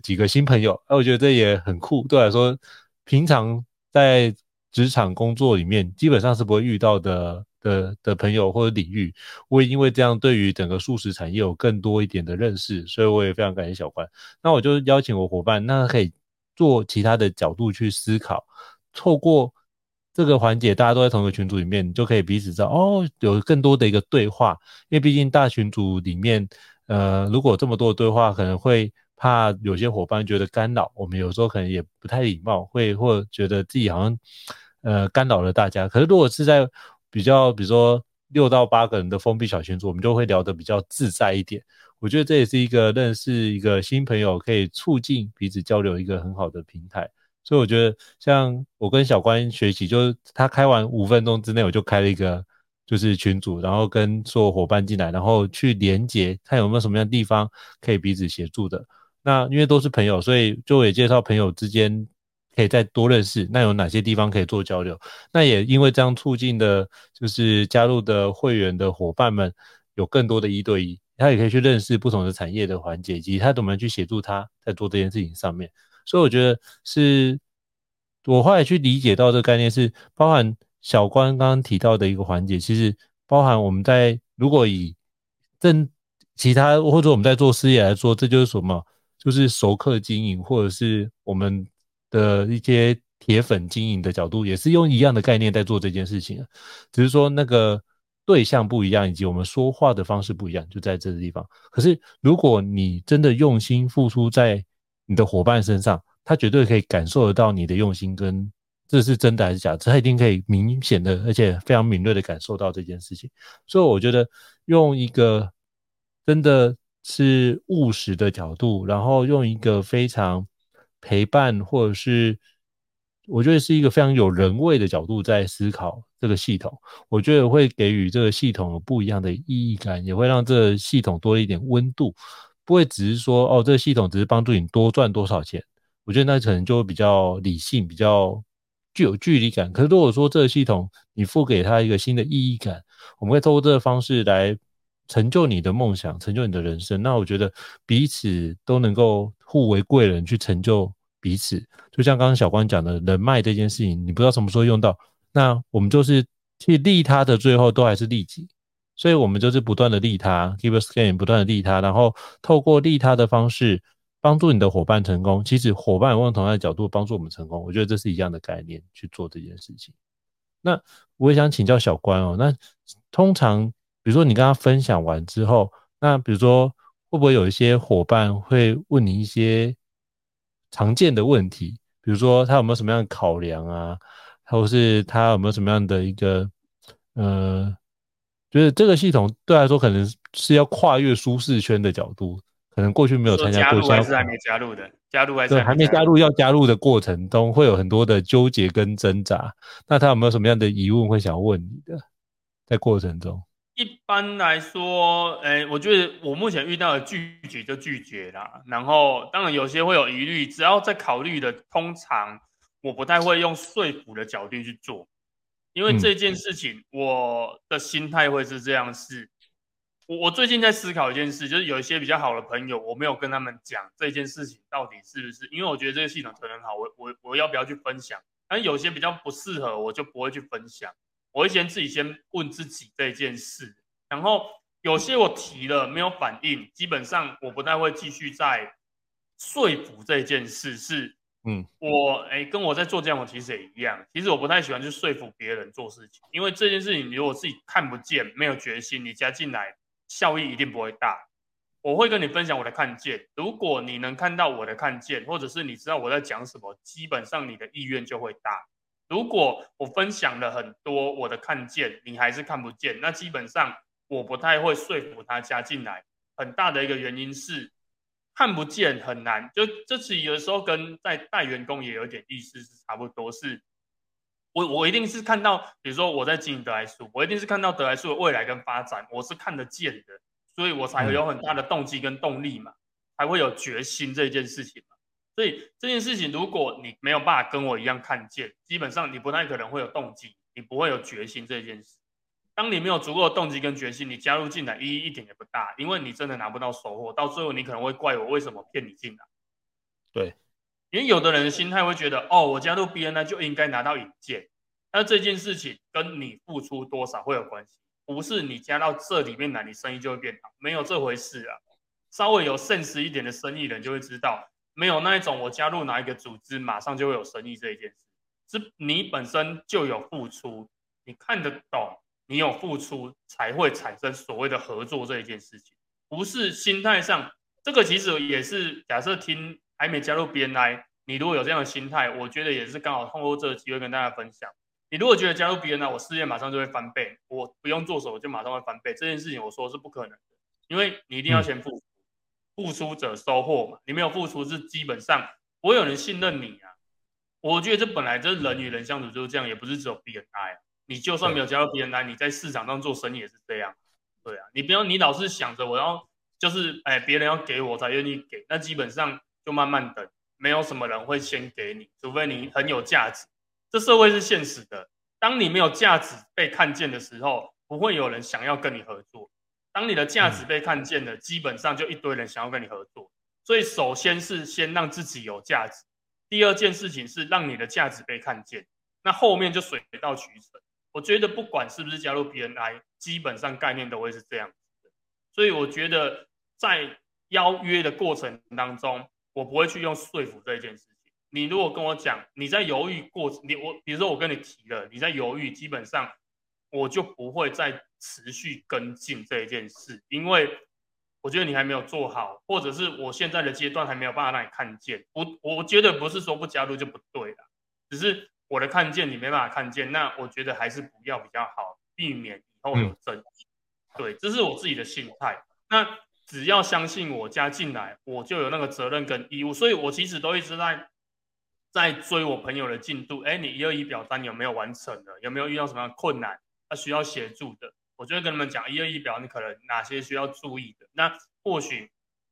幾個新朋友。哎，我覺得這也很酷，對我來說，平常在職場工作裡面基本上是不會遇到的。的的朋友或者領域，我也因為這樣，對於整個素食產業有更多一點的認識，所以我也非常感謝小關。那我就邀請我夥伴，那可以做其他的角度去思考。錯過這個環節，大家都在同一個群組裡面，你就可以彼此知道哦，有更多的一個對話。因為畢竟大群組裡面，呃，如果有這麼多的對話，可能會怕有些夥伴覺得干擾，我們有時候可能也不太禮貌，會，或覺得自己好像，呃，干擾了大家。可是如果是在比較，比如說六到八個人的封閉小群組，我們就會聊得比較自在一點。我覺得這也是一個認識一個新朋友，可以促進彼此交流一個很好的平台。所以我覺得，像我跟小關學習，就是他開完五分鐘之內，我就開了一個就是群組，然後跟所有夥伴進來，然後去連接看有沒有什麼樣的地方可以彼此協助的。那因為都是朋友，所以就也介紹朋友之間。可以再多認識，那有哪些地方可以做交流？那也因為這樣促進的，就是加入的會員的伙伴們有更多的一對一，他也可以去認識不同的產業的環節，以及他怎麼去協助他在做這件事情上面。所以我覺得是我後來去理解到這個概念是，是包含小關剛剛提到的一個環節，其實包含我們在如果以正其他或者我們在做事業來說，這就是什麼？就是熟客經營，或者是我們。的一些鐵粉經營的角度，也是用一樣的概念在做這件事情，只是說那個對象不一樣，以及我們說話的方式不一樣，就在這個地方。可是，如果你真的用心付出在你的夥伴身上，他絕對可以感受得到你的用心，跟這是真的還是假的，他一定可以明顯的，而且非常敏銳的感受到這件事情。所以，我覺得用一個真的是務實的角度，然後用一個非常。陪伴，或者是我覺得是一個非常有人味的角度在思考這個系統，我覺得會給予這個系統有不一樣的意義感，也會讓這個系統多一點溫度，不會只是說哦，這個系統只是幫助你多賺多少錢，我覺得那可能就會比較理性，比較具有距離感。可是如果說這個系統你賦給他一個新的意義感，我們會透過這個方式來成就你的夢想，成就你的人生。那我覺得彼此都能夠。互為貴人去成就彼此，就像剛剛小關講的，人脈這件事情，你不知道什麼時候用到。那我們就是去利他的，最後都還是利己，所以我們就是不斷的利他，Givers Gain，不斷的利他，然後透過利他的方式幫助你的夥伴成功。其實夥伴也用同樣的角度幫助我們成功，我覺得這是一樣的概念去做這件事情。那我也想請教小關哦，那通常比如說你跟他分享完之後，那比如說。會不會有一些夥伴會問你一些常見的問題，比如說他有沒有什麼樣的考量啊，或是他有沒有什麼樣的一個呃，就是這個系統對來說可能是要跨越舒適圈的角度，可能過去沒有參加過，加還是還沒加入的，加入還是對還，還沒加入要加入的過程中會有很多的糾結跟掙扎。那他有沒有什麼樣的疑問會想要問你的，在過程中？一般來說，誒、欸，我覺得我目前遇到的拒絕就拒絕啦。然後，當然有些會有疑慮，只要在考慮的，通常我不太會用說服的角度去做，因為這件事情我的心態會是這樣子：是、嗯，我我最近在思考一件事，就是有一些比較好的朋友，我沒有跟他們講這件事情到底是不是，因為我覺得這個系統可能好，我我我要不要去分享？但有些比較不適合，我就不會去分享。我會先自己先問自己這件事。然後有些我提了沒有反應，基本上我不太會繼續再說服這件事。是，嗯，我、欸、跟我在做這樣，我其實也一樣。其實我不太喜歡去說服別人做事情，因為這件事情你如果自己看不見、沒有決心，你加進來效益一定不會大。我會跟你分享我的看見，如果你能看到我的看見，或者是你知道我在講什麼，基本上你的意願就會大。如果我分享了很多我的看見，你還是看不見，那基本上我不太會說服他加進來。很大的一個原因是看不見很難，就這次有時候跟在帶員工也有點意思是差不多。是，我我一定是看到，比如說我在經營得來素，我一定是看到得來素的未來跟發展，我是看得見的，所以我才會有很大的動機跟動力嘛，才會有決心這件事情嘛。所以這件事情，如果你沒有辦法跟我一樣看見，基本上你不太可能會有動機，你不會有決心。這件事，當你沒有足夠的動機跟決心，你加入進來意義一點也不大，因為你真的拿不到收穫。到最後，你可能會怪我為什麼騙你進來。對，因為有的人心態會覺得，哦，我加入 BNI 就應該拿到引薦。那這件事情跟你付出多少會有關係，不是你加到這裡面來，你生意就會變好，沒有這回事啊。稍微有 sense 一點的生意的人就會知道。沒有那一種我加入哪一個組織馬上就會有生意這一件事，是你本身就有付出，你看得懂，你有付出才會產生所謂的合作這一件事情，不是心態上。這個其實也是假設聽還沒加入 BNI，你如果有這樣的心態，我覺得也是剛好通過這個機會跟大家分享。你如果覺得加入 BNI，我事業馬上就會翻倍，我不用做什麼我就馬上會翻倍這件事情，我說是不可能的，因為你一定要先付、嗯。付出者收穫嘛，你沒有付出是基本上，不會有人信任你啊。我覺得這本來就是人與人相處就是這樣，也不是只有 B N I 啊。你就算沒有加入 B N I，你在市場上做生意也是這樣。對啊，你不要你老是想着我要就是哎別人要給我才願意給，那基本上就慢慢等，沒有什麼人會先給你，除非你很有價值。這社會是現實的，當你沒有價值被看見的時候，不會有人想要跟你合作。當你的價值被看見了，嗯、基本上就一堆人想要跟你合作。所以，首先是先讓自己有價值，第二件事情是讓你的價值被看見，那後面就水到渠成。我覺得不管是不是加入 BNI，基本上概念都會是這樣。所以，我覺得在邀約的過程當中，我不會去用說服這件事情。你如果跟我講你在猶豫過程，你我比如說我跟你提了你在猶豫，基本上。我就不會再持續跟進這一件事，因為我覺得你還沒有做好，或者是我現在的階段還沒有辦法讓你看見。我我覺得不是說不加入就不對了，只是我的看見你沒辦法看見，那我覺得還是不要比較好，避免以後有爭議。嗯、對，這是我自己的心態。那只要相信我加進來，我就有那個責任跟義務。所以我其實都一直在在追我朋友的進度。哎、欸，你一二一表單有沒有完成的？有沒有遇到什麼困難？他需要協助的，我就會跟他們講一二一表，你可能哪些需要注意的。那或許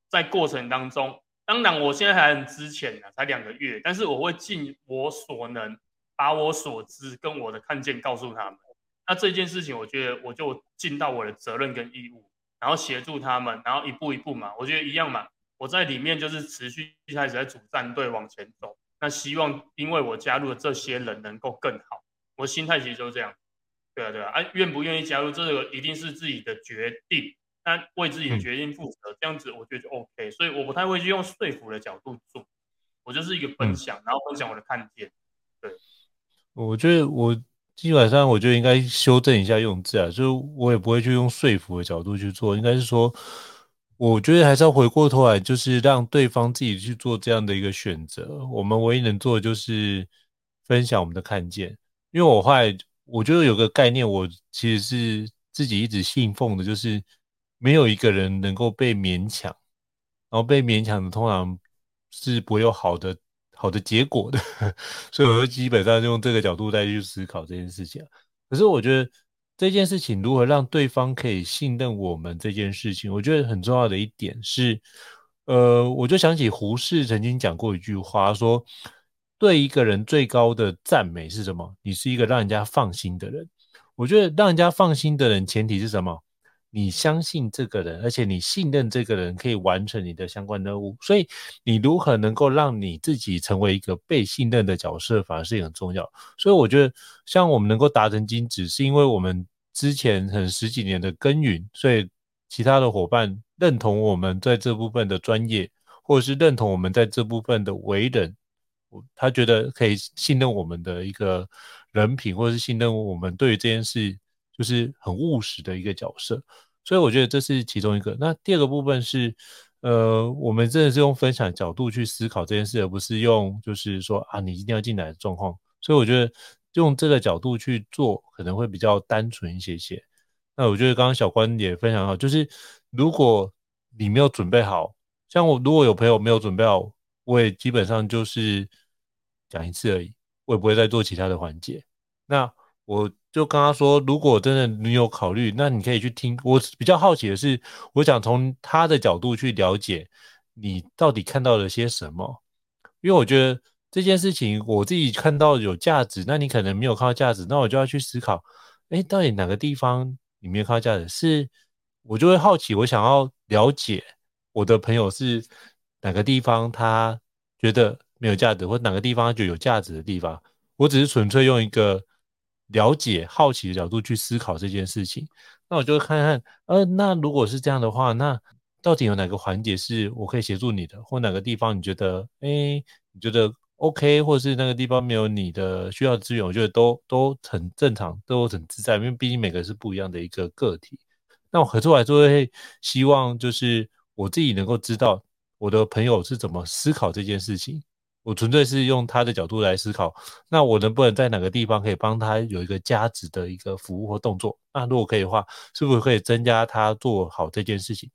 在過程當中，當然我現在還很資淺呢，才兩個月，但是我會盡我所能，把我所知跟我的看見告訴他們。那這件事情，我覺得我就盡到我的責任跟義務，然後協助他們，然後一步一步嘛，我覺得一樣嘛。我在裡面就是持續一開始在主戰隊往前走，那希望因為我加入了這些人，能夠更好。我心態其實就是這樣。對啊對啊，啊，願不願意加入這個一定是自己的決定，那為自己的決定負責，嗯，這樣子我覺得就 OK，所以我不太會去用說服的角度做，我就是一個分享，嗯、然後分享我的看見。對，我覺得我今晚上我就應該修正一下用字啊，就是我也不會去用說服的角度去做，應該是說，我覺得還是要回過頭來，就是讓對方自己去做這樣的一個選擇，我們唯一能做的就是分享我們的看見，因為我後來我就有個概念，我其實是自己一直信奉的，就是沒有一個人能夠被勉強，然後被勉強的通常是不會有好的好的結果的， 所以我就基本上就用這個角度再去思考這件事情。可是我覺得這件事情如何讓對方可以信任我們這件事情，我覺得很重要的一點是，呃，我就想起胡適曾經講過一句話說，對一個人，最高的讚美是什麼？你是一個讓人家放心的人。我覺得讓人家放心的人，前提是什麼？你相信這個人，而且你信任這個人可以完成你的相關任務。所以，你如何能夠讓你自己成為一個被信任的角色，反而是很重要。所以，我覺得像我們能夠達成金質，是因為我們之前很十幾年的耕耘，所以其他的夥伴認同我們在這部分的專業，或者是認同我們在這部分的為人。我他覺得可以信任我們的一個人品，或者是信任我們對於這件事就是很務實的一個角色，所以我覺得這是其中一個。那第二個部分是，呃，我們真的是用分享角度去思考這件事，而不是用就是說啊，你一定要進來的狀況。所以我覺得用這個角度去做，可能會比較單純一些些。那我覺得剛剛小關也分享到，就是如果你沒有準備好，像我如果有朋友沒有準備好。我也基本上就是講一次而已，我也不會再做其他的環節。那我就跟他說，如果真的你有考慮，那你可以去聽。我比較好奇的是，我想從他的角度去了解你到底看到了些什麼，因為我覺得這件事情我自己看到有價值，那你可能沒有看到價值，那我就要去思考，誒，到底哪個地方你沒有看到價值？是我就會好奇，我想要了解我的朋友是。哪個地方他覺得沒有價值，或哪個地方他覺得有價值的地方，我只是純粹用一個了解、好奇的角度去思考這件事情。那我就會看看，呃，那如果是這樣的話，那到底有哪個環節是我可以協助你的，或哪個地方你覺得，哎，你覺得 OK，或是那個地方沒有你的需要的資源，我覺得都都很正常，都很自在，因為畢竟每個人是不一樣的一個個體。那我合作來做，會希望就是我自己能夠知道。我的朋友是怎麼思考這件事情？我純粹是用他的角度來思考，那我能不能在哪個地方可以幫他有一個加值的一個服務或動作？那如果可以的話，是不是可以增加他做好這件事情？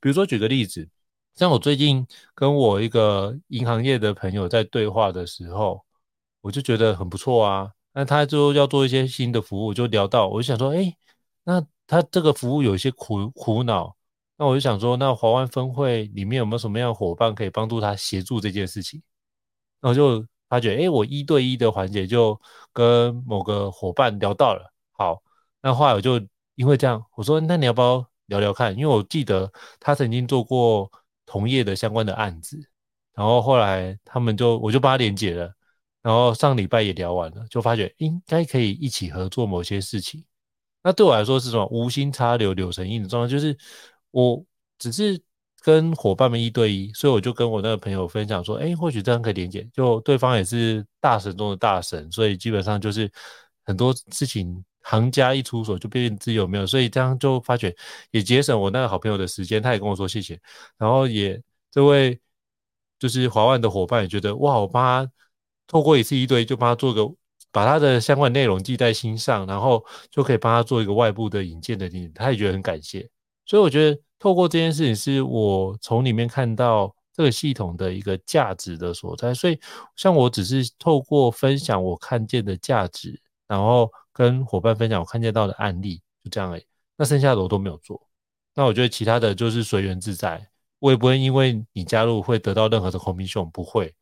比如說舉個例子，像我最近跟我一個銀行業的朋友在對話的時候，我就覺得很不錯啊。那他就要做一些新的服務，就聊到，我就想說，哎，那他這個服務有一些苦苦惱。那我就想說，那華灣分會裡面有沒有什麼樣的夥伴可以幫助他協助這件事情？然後就發覺，誒、欸、我一對一的環節就跟某個夥伴聊到了。好，那後來我就因為這樣，我說，那你要不要聊聊看？因為我記得他曾經做過同業的相關的案子，然後後來他們就我就把他連結了，然後上禮拜也聊完了，就發覺應該可以一起合作某些事情。那對我來說是什麼？無心插柳柳成蔭的狀態，就是。我只是跟夥伴們一對一，所以我就跟我那個朋友分享說，誒，或許這樣可以理解？就對方也是大神中的大神，所以基本上就是很多事情行家一出手就便知有沒有，所以這樣就發覺也節省我那個好朋友的時間，他也跟我說謝謝。然後也這位就是華萬的夥伴也覺得哇，我幫他透過一次一對一就幫他做個把他的相關內容記在心上，然後就可以幫他做一個外部的引薦的點，他也覺得很感謝。所以我覺得透過這件事情，是我從裡面看到這個系統的一個價值的所在。所以像我，只是透過分享我看見的價值，然後跟夥伴分享我看見到的案例，就這樣而已。那剩下的我都沒有做。那我覺得其他的就是隨緣自在。我也不會因為你加入會得到任何的 commission，不會。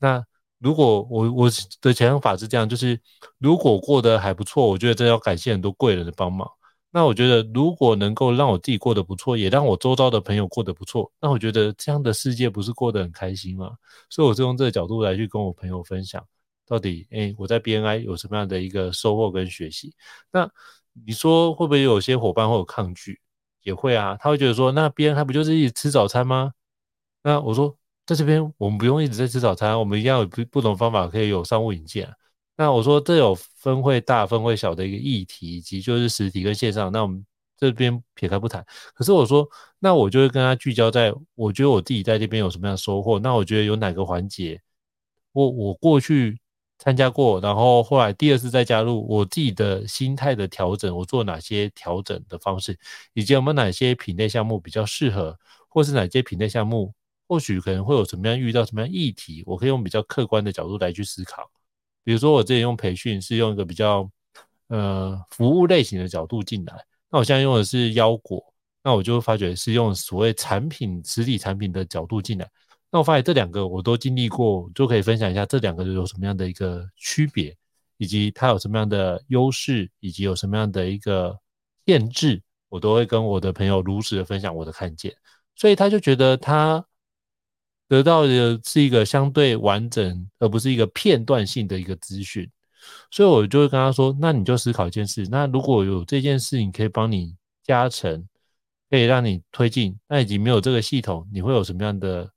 那如果我我的想法是這樣，就是如果過得還不錯，我覺得真的要感謝很多貴人的幫忙。那我覺得，如果能夠讓我自己過得不錯，也讓我周遭的朋友過得不錯，那我覺得這樣的世界不是過得很開心嗎？所以我是用這個角度來去跟我朋友分享，到底，誒，我在 BNI 有什麼樣的一個收穫跟學習？那你說會不會有些夥伴會有抗拒？也會啊，他會覺得說，那 BNI 不就是一直吃早餐嗎？那我說，在這邊我們不用一直在吃早餐，我們一樣有不不同方法可以有商務引薦。那我說這有分會大、分會小的一個議題，以及就是實體跟線上。那我們這邊撇開不談。可是我說，那我就會跟他聚焦在，我覺得我自己在這邊有什麼樣的收穫。那我覺得有哪個環節，我我過去參加過，然後後來第二次再加入，我自己的心態的調整，我做哪些調整的方式，以及我們哪些品類項目比較適合，或是哪些品類項目，或許可能會有什麼樣遇到什麼樣議題，我可以用比較客觀的角度來去思考。比如說，我這裡用培訓是用一個比較呃服務類型的角度進來，那我現在用的是腰果，那我就發覺是用所謂產品實體產品的角度進來，那我發現這兩個我都經歷過，就可以分享一下這兩個有什麼樣的一個區別，以及它有什麼樣的優勢，以及有什麼樣的一個限制，我都會跟我的朋友如實的分享我的看見，所以他就覺得他。得到的是一個相對完整，而不是一個片段性的一個資訊，所以我就會跟他說：“那你就思考一件事，那如果有這件事情可以幫你加成，可以讓你推進，那已經沒有這個系統，你會有什麼樣的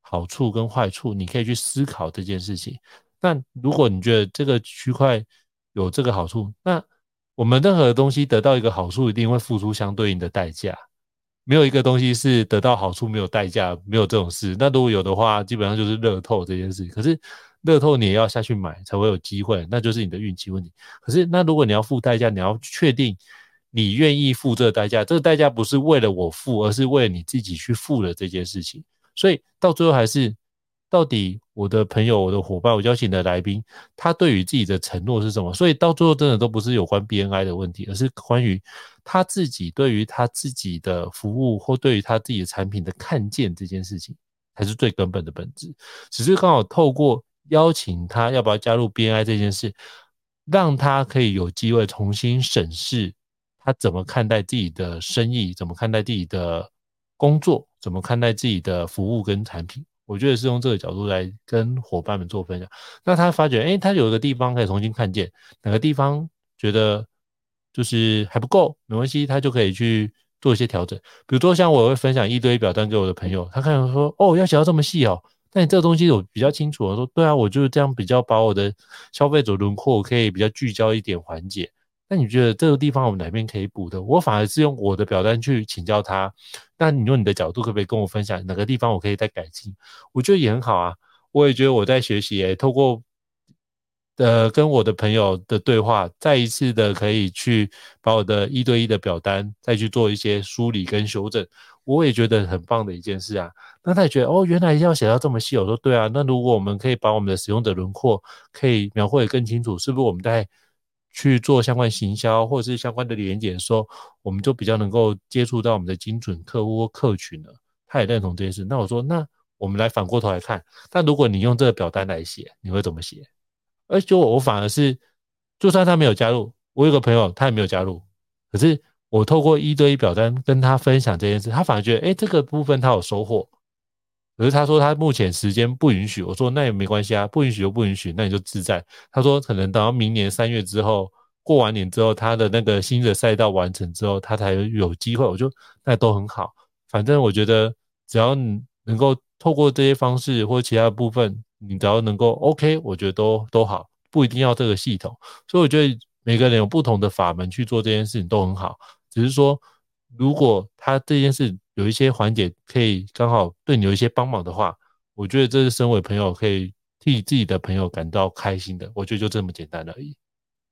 好處跟壞處？你可以去思考這件事情。但如果你覺得這個區塊有這個好處，那我們任何東西得到一個好處，一定會付出相對應的代價。”沒有一個東西是得到好處沒有代價，沒有這種事。那如果有的話，基本上就是樂透這件事。可是樂透你也要下去買才會有機會，那就是你的運氣問題。可是那如果你要付代價，你要確定你願意付這個代價。這個代價不是為了我付，而是為了你自己去付的這件事情。所以到最後還是到底，我的朋友，我的夥伴，我邀請的來賓，他對於自己的承諾是什麼？所以到最後，真的都不是有關 BNI 的問題，而是關於他自己對於他自己的服務或對於他自己的產品的看見這件事情才是最根本的本質。只是剛好透過邀請他要不要加入 BNI 這件事，讓他可以有機會重新審視他怎麼看待自己的生意，怎麼看待自己的工作，怎麼看待自己的服務跟產品。我覺得是用這個角度來跟夥伴們做分享，那他發覺，哎，他有個地方可以重新看見，哪個地方覺得就是還不夠，沒關係，他就可以去做一些調整。比如說，像我會分享一堆表單給我的朋友，他看到說，哦，要寫到這麼細哦，那你這個東西我比較清楚。我說，對啊，我就是這樣比較把我的消費者輪廓可以比較聚焦一點，緩解。那你覺得這個地方我們哪邊可以補的？我反而是用我的表單去請教他。那你用你的角度，可不可以跟我分享哪個地方我可以再改進？我覺得也很好啊。我也覺得我在學習，誒，透過呃跟我的朋友的對話，再一次的可以去把我的一對一的表單再去做一些梳理跟修正。我也覺得很棒的一件事啊。那他也覺得哦，原來一定要寫到這麼細。我說對啊。那如果我們可以把我們的使用者輪廓可以描繪得更清楚，是不是我們在去做相關行銷或者是相關的連結的時候，我們就比較能夠接觸到我們的精準客戶或客群了。他也認同這件事。那我說，那我們來反過頭來看，但如果你用這個表單來寫，你會怎麼寫？而且我反而是，就算他沒有加入，我有個朋友他也沒有加入，可是我透過一對一表單跟他分享這件事，他反而覺得，哎，這個部分他有收穫。可是他說他目前時間不允許，我說那也沒關係啊，不允許就不允許，那你就自在。他說可能等到明年三月之後，過完年之後，他的那個新的賽道完成之後，他才有機會。我就那都很好，反正我覺得只要你能夠透過這些方式或其他的部分，你只要能夠 OK，我覺得都都好，不一定要這個系統。所以我覺得每個人有不同的法門去做這件事情都很好，只是說如果他這件事。有一些環節可以剛好對你有一些幫忙的話，我覺得這是身為朋友可以替自己的朋友感到開心的。我覺得就這麼簡單而已。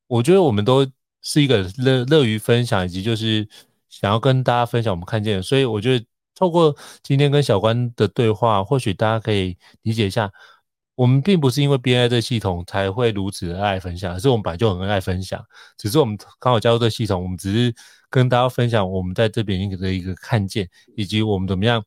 我覺得我們都是一個樂樂於分享，以及就是想要跟大家分享我們看見的。所以我覺得透過今天跟小關的對話，或許大家可以理解一下，我們並不是因為 BNI 這個系統才會如此的愛分享，而是我們本來就很愛分享，只是我們剛好加入這個系統，我們只是跟大家分享我們在這邊的一個看見，以及我們怎麼樣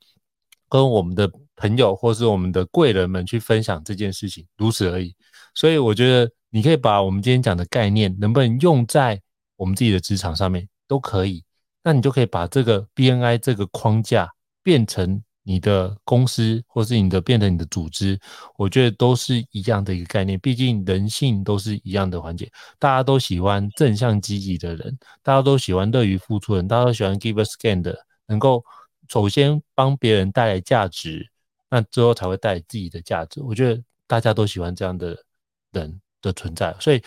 跟我們的朋友或是我們的貴人們去分享這件事情，如此而已。所以我覺得你可以把我們今天講的概念，能不能用在我們自己的職場上面，都可以。那你就可以把這個 BNI 這個框架變成，你的公司，或是你的變成你的組織，我覺得都是一樣的一個概念。畢竟人性都是一樣的環節，大家都喜歡正向積極的人，大家都喜歡樂於付出的人，大家都喜歡 give a scan 的，能夠首先幫別人帶來價值，那之後才會帶來自己的價值。我覺得大家都喜歡這樣的人的存在，所以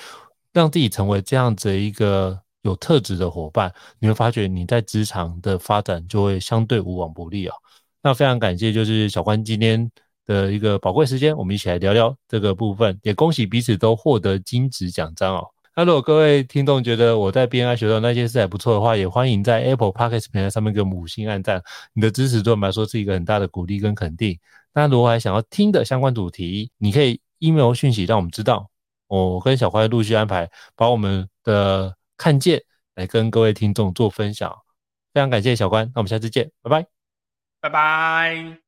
讓自己成為這樣子一個有特質的夥伴，你會發覺你在職場的發展就會相對無往不利啊、喔。那非常感謝，就是小關今天的一個寶貴時間，我們一起來聊聊這個部分，也恭喜彼此都獲得金質獎章哦。那如果各位聽眾覺得我在 BNI 學到那些事還不錯的話，也歡迎在 Apple Podcast 平台上面給我們五星按讚，你的支持對我們來說是一個很大的鼓勵跟肯定。那如果還想要聽的相關主題，你可以 email 訊息讓我們知道，我跟小關陸續安排把我們的看見來跟各位聽眾做分享。非常感謝小關，那我們下次見，拜拜。拜拜。